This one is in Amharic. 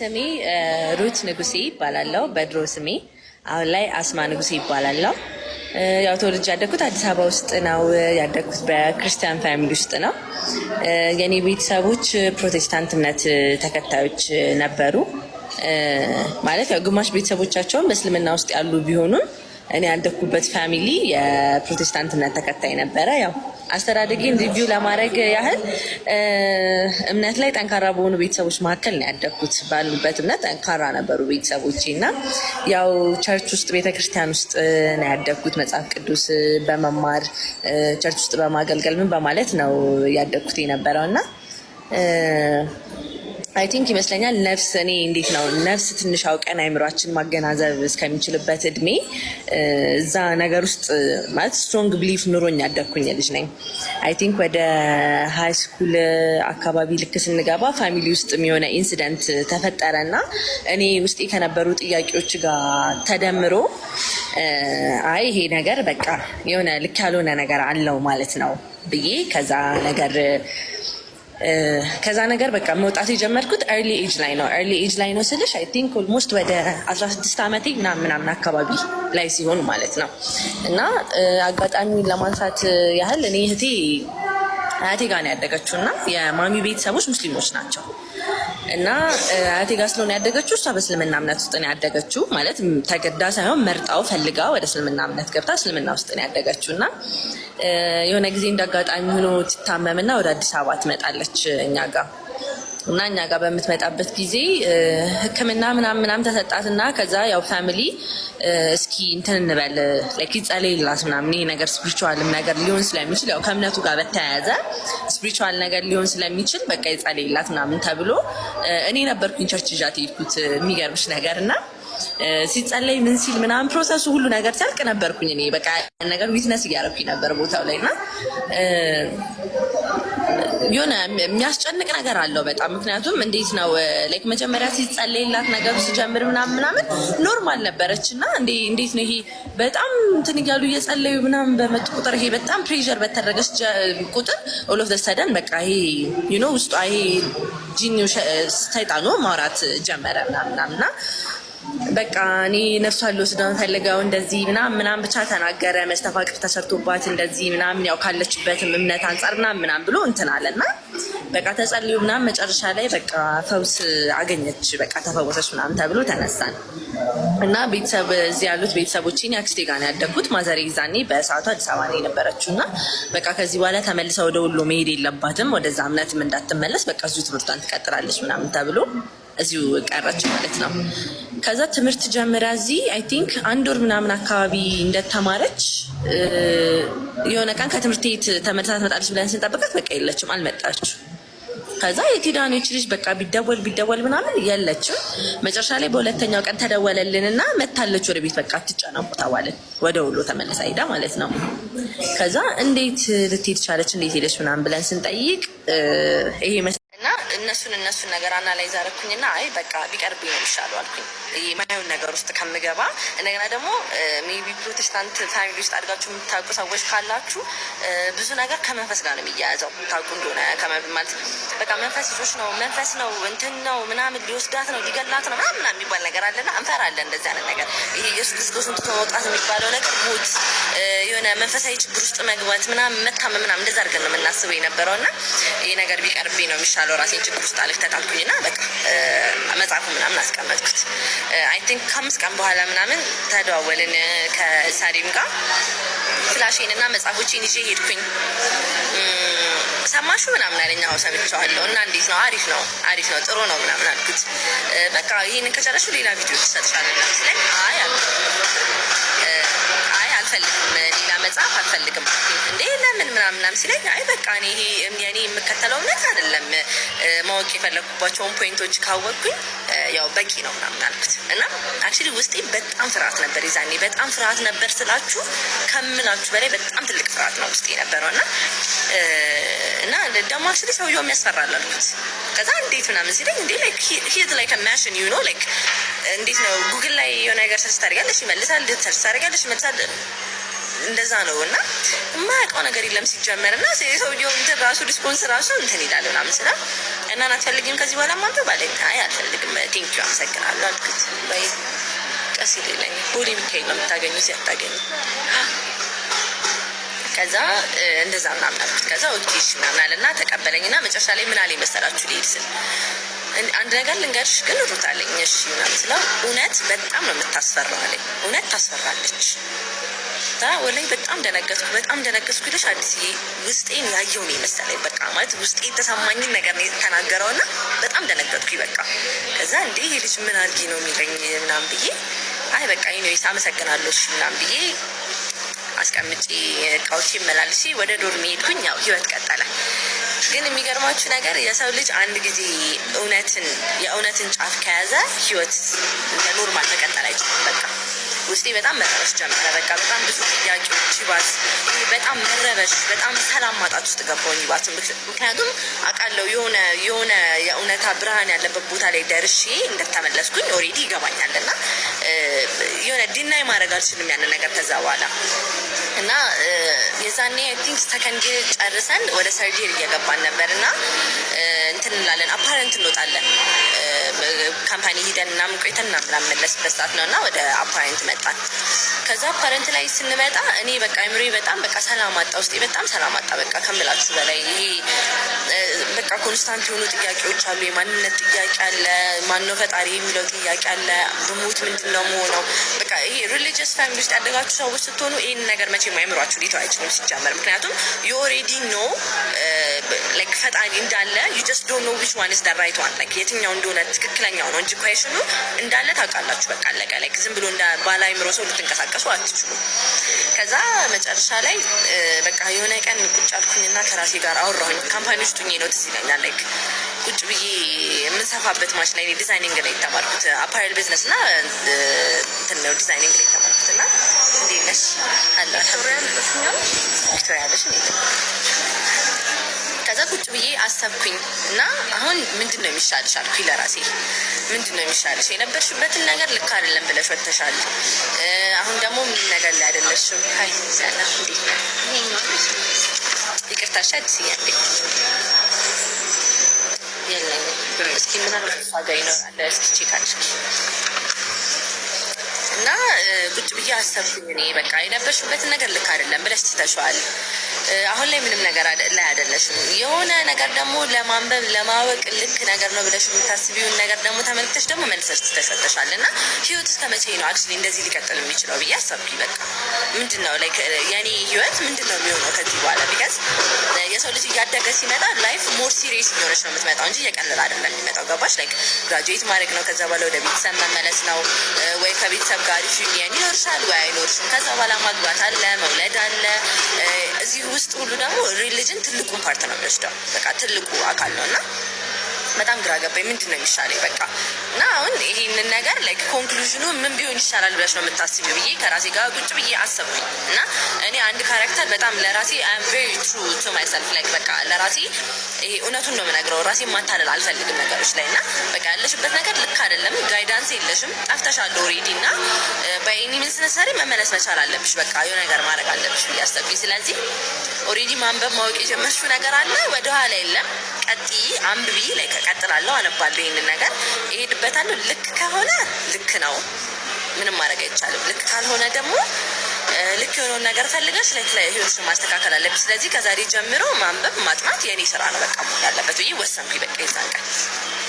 ስሜ ሩት ንጉሴ ይባላለው። በድሮ ስሜ አሁን ላይ አስማ ንጉሴ ይባላለው። ያው ተወልጄ ያደግኩት አዲስ አበባ ውስጥ ነው። ያደግኩት በክርስቲያን ፋሚሊ ውስጥ ነው። የኔ ቤተሰቦች ፕሮቴስታንት እምነት ተከታዮች ነበሩ። ማለት ያው ግማሽ ቤተሰቦቻቸውን በእስልምና ውስጥ ያሉ ቢሆኑም እኔ ያደግኩበት ፋሚሊ የፕሮቴስታንት እምነት ተከታይ ነበረ ያው አስተዳደጌን ሪቪው ለማድረግ ያህል እምነት ላይ ጠንካራ በሆኑ ቤተሰቦች መካከል ነው ያደግኩት። ባሉበት እምነት ጠንካራ ነበሩ ቤተሰቦቼ እና ያው ቸርች ውስጥ ቤተክርስቲያን ውስጥ ነው ያደግኩት። መጽሐፍ ቅዱስ በመማር ቸርች ውስጥ በማገልገል ምን በማለት ነው ያደግኩት የነበረው እና አይ ቲንክ ይመስለኛል ነፍስ እኔ እንዴት ነው ነፍስ ትንሽ አውቀን አይምሯችን ማገናዘብ እስከሚችልበት እድሜ እዛ ነገር ውስጥ ማለት ስትሮንግ ብሊፍ ኑሮኝ ያደግኩኝ ልጅ ነኝ። አይ ቲንክ ወደ ሀይ ስኩል አካባቢ ልክ ስንገባ ፋሚሊ ውስጥ የሆነ ኢንሲደንት ተፈጠረ እና እኔ ውስጤ ከነበሩ ጥያቄዎች ጋር ተደምሮ አይ ይሄ ነገር በቃ የሆነ ልክ ያልሆነ ነገር አለው ማለት ነው ብዬ ከዛ ነገር ከዛ ነገር በቃ መውጣት የጀመርኩት ኤርሊ ኤጅ ላይ ነው። ኤርሊ ኤጅ ላይ ነው ስልሽ አይ ቲንክ ኦልሞስት ወደ 16 ዓመቴ ምናምን ምናምን አካባቢ ላይ ሲሆን ማለት ነው። እና አጋጣሚ ለማንሳት ያህል እኔ እህቴ አያቴ ጋር ነው ያደገችው እና የማሚ ቤተሰቦች ሙስሊሞች ናቸው። እና አያቴ ጋር ስለሆነ ያደገችው እሷ በእስልምና እምነት ውስጥ ነው ያደገችው። ማለት ተገዳ ሳይሆን መርጣው ፈልጋ ወደ እስልምና እምነት ገብታ እስልምና ውስጥ ነው ያደገችው እና የሆነ ጊዜ እንዳጋጣሚ ሆኖ ትታመምና ወደ አዲስ አበባ ትመጣለች እኛ ጋር እና እኛ ጋር በምትመጣበት ጊዜ ሕክምና ምናም ምናምን ተሰጣትና ከዛ ያው ፋሚሊ እስኪ እንትን እንበል ላይክ ይጸለይላት ምናምን ይሄ ነገር ስፒሪቹዋልም ነገር ሊሆን ስለሚችል ያው ከእምነቱ ጋር በተያያዘ ስፒሪቹዋል ነገር ሊሆን ስለሚችል በቃ ይጸለይላት ምናምን ተብሎ እኔ ነበርኩኝ ቸርች ይዣት የሄድኩት የሚገርምሽ ነገር እና ሲጸለይ ምን ሲል ምናምን ፕሮሰሱ ሁሉ ነገር ሲያልቅ ነበርኩኝ እኔ በቃ ነገር ዊትነስ እያደረኩኝ ነበር ቦታው ላይ እና የሆነ የሚያስጨንቅ ነገር አለው በጣም ምክንያቱም እንዴት ነው ላይክ መጀመሪያ ሲጸለይላት ነገሩ ሲጀምር ምናምን ምናምን ኖርማል ነበረች እና እንዴት ነው ይሄ በጣም እንትን እያሉ እየጸለዩ ምናምን በመጡ ቁጥር ይሄ በጣም ፕሬር በተደረገች ቁጥር ኦል ኦፍ ዘ ሰደን በቃ ይሄ ዩ ኖ ውስጧ ይሄ ጂኒው ሰይጣኑ ማውራት ጀመረ ምናምን ምናምናምና በቃ እኔ ነፍሷን ልወስደው ፈልገው እንደዚህ ምናምን ምናምን ብቻ ተናገረ። መስተፋቅር ተሰርቶባት እንደዚህ ምናምን ያው ካለችበትም እምነት አንጻር ምናምን ምናምን ብሎ እንትን አለ እና በቃ ተጸልዩ ምናምን መጨረሻ ላይ በቃ ፈውስ አገኘች፣ በቃ ተፈወሰች ምናምን ተብሎ ተነሳን እና ቤተሰብ እዚህ ያሉት ቤተሰቦችን ያክስቴ ጋር ያደግኩት። ማዘሬ ዛኔ በሰዓቱ አዲስ አበባ ነው የነበረችው እና በቃ ከዚህ በኋላ ተመልሰ ወደ ወሎ መሄድ የለባትም ወደዛ እምነትም እንዳትመለስ በቃ እዚሁ ትምህርቷን ትቀጥላለች ምናምን ተብሎ እዚሁ ቀረች ማለት ነው። ከዛ ትምህርት ጀምራ እዚህ አይ ቲንክ አንድ ወር ምናምን አካባቢ እንደተማረች የሆነ ቀን ከትምህርት ቤት ተመልሳ ትመጣለች ብለን ስንጠብቃት በቃ የለችም፣ አልመጣችም። ከዛ የቴዳኖች ልጅ በቃ ቢደወል ቢደወል ምናምን የለችም። መጨረሻ ላይ በሁለተኛው ቀን ተደወለልን እና መታለች ወደ ቤት በቃ ትጨነቁ ተባልን። ወደ ውሎ ተመለሳ ሄዳ ማለት ነው። ከዛ እንዴት ልትሄድ ቻለች፣ እንዴት ሄደች ምናምን ብለን ስንጠይቅ ይሄ እነሱን እነሱን ነገር አናላይዝ አደረኩኝና አይ በቃ ቢቀርብ ነው ይሻሉ አልኩኝ። የማየውን ነገር ውስጥ ከምገባ እንደገና ደግሞ ሜቢ ፕሮቴስታንት ፋሚሊ ውስጥ አድጋችሁ የምታውቁ ሰዎች ካላችሁ ብዙ ነገር ከመንፈስ ጋር ነው የሚያያዘው። ታውቁ እንደሆነ ማለት በቃ መንፈስ ልጆች ነው መንፈስ ነው እንትን ነው ምናምን ሊወስዳት ነው ሊገላት ነው ምናምን የሚባል ነገር አለና እንፈራለን። እንደዚህ አይነት ነገር ይሄ ኢየሱስ ክርስቶስን ትቶ መውጣት የሚባለው ነገር ሞት፣ የሆነ መንፈሳዊ ችግር ውስጥ መግባት ምናምን፣ መታመም ምናምን እንደዛ አድርገን ነው የምናስበው የነበረው እና ይሄ ነገር ቢቀርብ ነው የሚሻለው ራሴን ችግር ሆስፒታል ተጣልኩኝና በቃ መጽሐፉ ምናምን አስቀመጥኩት። አይ ቲንክ ከአምስት ቀን በኋላ ምናምን ተደዋወልን ከሳሪም ጋር ፍላሽን ና መጽሐፎችን ይዤ ሄድኩኝ። ሰማሹ ምናምን አለኝ። አዎ ሰምቼዋለሁ። እና እንዴት ነው? አሪፍ ነው፣ አሪፍ ነው፣ ጥሩ ነው ምናምን አልኩት። በቃ ይህንን ከጨረሹ ሌላ ቪዲዮ ትሰጥሻለሁ። አይ አልፈልግም መጽሐፍ አልፈልግም እንዴ ለምን ምናምን ምናምን ሲለኝ አይ በቃ እኔ ይሄ የኔ የምከተለው እምነት አይደለም፣ ማወቅ የፈለግኩባቸውን ፖይንቶች ካወቅኩኝ ያው በቂ ነው ምናምን አልኩት እና አክቹዋሊ ውስጤ በጣም ፍርሃት ነበር ይዛኔ በጣም ፍርሃት ነበር ስላችሁ ከምላችሁ በላይ በጣም ትልቅ ፍርሃት ነው ውስጤ ነበረው እና እና ደግሞ አክቹዋሊ ሰውየው የሚያስፈራል አልኩት። ከዛ እንዴት ምናምን ሲለኝ እንዴ ሂዝ ላይክ ማሽን ዩ ኖ ላይክ እንዴት ነው ጉግል ላይ የሆነ ነገር ሰርች ታደርጋለሽ ይመልሳል፣ ሰርች ታደርጋለሽ ይመልሳል እንደዛ ነው እና የማያውቀው ነገር የለም ሲጀመር እና ሰውየው እንትን ራሱ ሪስፖንስ ራሱ እንትን ይላል ምናምን ስለ እናን አትፈልጊም ከዚህ በኋላ ማንበብ አለኝ። አይ አልፈልግም፣ ቴንኪ አመሰግናለሁ አልኩት። ወይ ቀስ ይለኝ ቦሌ ብታይ ነው የምታገኙ ሲያታገኙ ከዛ እንደዛ ምናምን አልኩት። ከዛ ኦኬሽ እሺ ምናምን አለና ተቀበለኝ እና መጨረሻ ላይ ምን አለኝ መሰላችሁ ልሄድ ስል አንድ ነገር ልንገርሽ ግን ሩት እሺ ምናምን ስለው እውነት በጣም ነው የምታስፈራ አለኝ። እውነት ታስፈራለች ይቅርታ ወላይ በጣም ደነገጥኩ። በጣም ደነገጥኩ ይለሽ አዲስዬ ውስጤን ያየው ነው የመሰለኝ። በቃ ማለት ውስጤ የተሰማኝን ነገር ነው የተናገረው እና በጣም ደነገጥኩ። በቃ ከዛ እንዴ ልጅ ምን አድርጊ ነው የሚለኝ ምናም ብዬ አይ በቃ ዩኒስ አመሰግናለሁ ምናም ብዬ አስቀምጪ እቃዎች መላልሼ ወደ ዶርሜ ሄድኩኝ። ያው ህይወት ቀጠለ። ግን የሚገርማችሁ ነገር የሰው ልጅ አንድ ጊዜ እውነትን የእውነትን ጫፍ ከያዘ ህይወት እንደ ኖርማል መቀጠል አይችልም በቃ ውስጤ በጣም መረበሽ ጀመረ። በቃ በጣም ብዙ ጥያቄዎች ይባስ፣ በጣም መረበሽ፣ በጣም ሰላም ማጣት ውስጥ ገባሁኝ ይባስ። ምክንያቱም አውቃለሁ የሆነ የሆነ የእውነታ ብርሃን ያለበት ቦታ ላይ ደርሼ እንደተመለስኩኝ ኦልሬዲ ይገባኛል እና የሆነ ዲናይ ማድረግ አልችልም ያንን ነገር ከዛ በኋላ እና የዛኔ አይ ቲንክ ሰከንድ ጨርሰን ወደ ሰርድ እየገባን ነበር እና እንትን እንላለን፣ አፓረንት እንወጣለን። ካምፓኒ ሂደን ምናምን ቆይተን ምናምን የምንመለስበት ሰዓት ነው እና ወደ አፓረንት መጣን። ከዛ አፓረንት ላይ ስንመጣ እኔ በቃ አይምሮ በጣም በቃ ሰላም አጣ፣ ውስጤ በጣም ሰላም አጣ። በቃ ከምላችሁ በላይ ይሄ በቃ ኮንስታንት የሆኑ ጥያቄዎች አሉ። የማንነት ጥያቄ አለ፣ ማነው ፈጣሪ የሚለው ጥያቄ አለ፣ ብሞት ምንድን ነው መሆነው? በቃ ይሄ ሪሊጅስ ፋሚሊ ውስጥ ያደጋችሁ ሰዎች ስትሆኑ ይህን ነገር መቼም አይምሯችሁ ሊተው አይችልም ሲጀመር። ምክንያቱም ዩ ኖ ላይክ ፈጣሪ እንዳለ ዩ ጀስት ዶ ዶንት ኖ ዊች ዋን ኢዝ ዳ ራይት ዋን ላይክ የትኛው እንደሆነ ትክክለኛው ነው እንጂ ኳይሽኑ እንዳለ ታውቃላችሁ። በቃ አለቀ። ላይክ ዝም ብሎ እንደ ባለ አይምሮ ሰው ልትንቀሳቀሱ አትችሉ። ከዛ መጨረሻ ላይ በቃ የሆነ ቀን ቁጭ አልኩኝና ከራሴ ጋር አወራሁኝ። ካምፓኒ ውስጥ ነው ደስ ይለኛል ላይክ ቁጭ ብዬ የምንሰፋበት ማሽን ላይ ዲዛይኒንግ ነው የተማርኩት። አፓሬል ቢዝነስ እና ነው ዲዛይኒንግ ነው የተማርኩት እና እንዴት ነሽ አለ ቶሪያለሽ ቶሪያለሽ ቁጭ ብዬ አሰብኩኝ እና አሁን ምንድን ነው የሚሻልሽ አልኩኝ ለራሴ። ምንድን ነው የሚሻልሽ? የነበርሽበትን ነገር ልክ አይደለም ብለሽ ወተሻል። አሁን ደግሞ ምን ነገር ላይ አይደለሽም። ይቅርታሽ አዲስ እስኪ ምናልባት ዋጋ ይኖራለ እስኪ ቼካችን እና ቁጭ ብዬ አሰብኩኝ እኔ በቃ የነበርሽበትን ነገር ልክ አይደለም ብለሽ ትተሸዋል። አሁን ላይ ምንም ነገር ላይ አይደለሽም። የሆነ ነገር ደግሞ ለማንበብ ለማወቅ ልክ ነገር ነው ብለሽ የምታስቢውን ነገር ደግሞ ተመልክተሽ ደግሞ መልሰሽ ትተሸተሻል እና ህይወት እስከ መቼ ነው አክቹዋሊ እንደዚህ ሊቀጥል የሚችለው ብዬ አሰብኩኝ። በቃ ምንድን ነው ላይክ የኔ ህይወት ምንድን ነው የሚሆነው ከዚህ በኋላ ቢካዝ የሰው ልጅ እያደገ ሲመጣ ላይፍ ሞር ሲሪየስ እየሆነች ነው የምትመጣው እንጂ እየቀለለ አይደለም የሚመጣው ገባሽ? ላይክ ግራጁዌት ማድረግ ነው ከዛ በኋላ ወደ ቤተሰብ መመለስ ነው ወይ ከቤተሰብ አጋሪሽ ዩኒየን ይኖርሻል ወይ አይኖርሽም። ከዛ በኋላ ማግባት አለ መውለድ አለ። እዚህ ውስጥ ሁሉ ደግሞ ሪሊጅን ትልቁን ፓርት ነው የሚወስደው። በቃ ትልቁ አካል ነው እና በጣም ግራ ገባኝ። ምንድን ነው የሚሻለኝ በቃ እና አሁን ይህንን ነገር ላይክ ኮንክሉዥኑ ምን ቢሆን ይሻላል ብለሽ ነው የምታስቢው ብዬ ከራሴ ጋር ቁጭ ብዬ አሰብኩኝ እና እኔ አንድ ካራክተር በጣም ለራሴ አይ አም ቬሪ ትሩ ቱ ማይሰልፍ ላይክ በቃ ለራሴ ይሄ እውነቱን ነው የምነግረው። ራሴ ማታለል አልፈልግም ነገሮች ላይ እና በቃ ያለሽበት ነገር ልክ አይደለም፣ ጋይዳንስ የለሽም፣ ጠፍተሻል ኦልሬዲ እና በኤኒ ሚንስ ነሰሪ መመለስ መቻል አለብሽ። በቃ የሆነ ነገር ማድረግ አለብሽ ብዬ አሰብኩኝ። ስለዚህ ኦልሬዲ ማንበብ ማወቅ የጀመርሽው ነገር አለ፣ ወደኋላ የለም፣ ቀጥይ አንብቢ ላይ እቀጥላለሁ፣ አነባለሁ፣ ይህንን ነገር እሄድበታለሁ። ልክ ከሆነ ልክ ነው፣ ምንም ማድረግ አይቻልም። ልክ ካልሆነ ደግሞ ልክ የሆነውን ነገር ፈልገሽ ህይወትሽን ማስተካከል አለብሽ። ስለዚህ ከዛሬ ጀምሮ ማንበብ ማጥናት የእኔ ስራ ነው በቃ መሆን ያለበት ብዬ ወሰንኩ። በቃ የዛን ቀን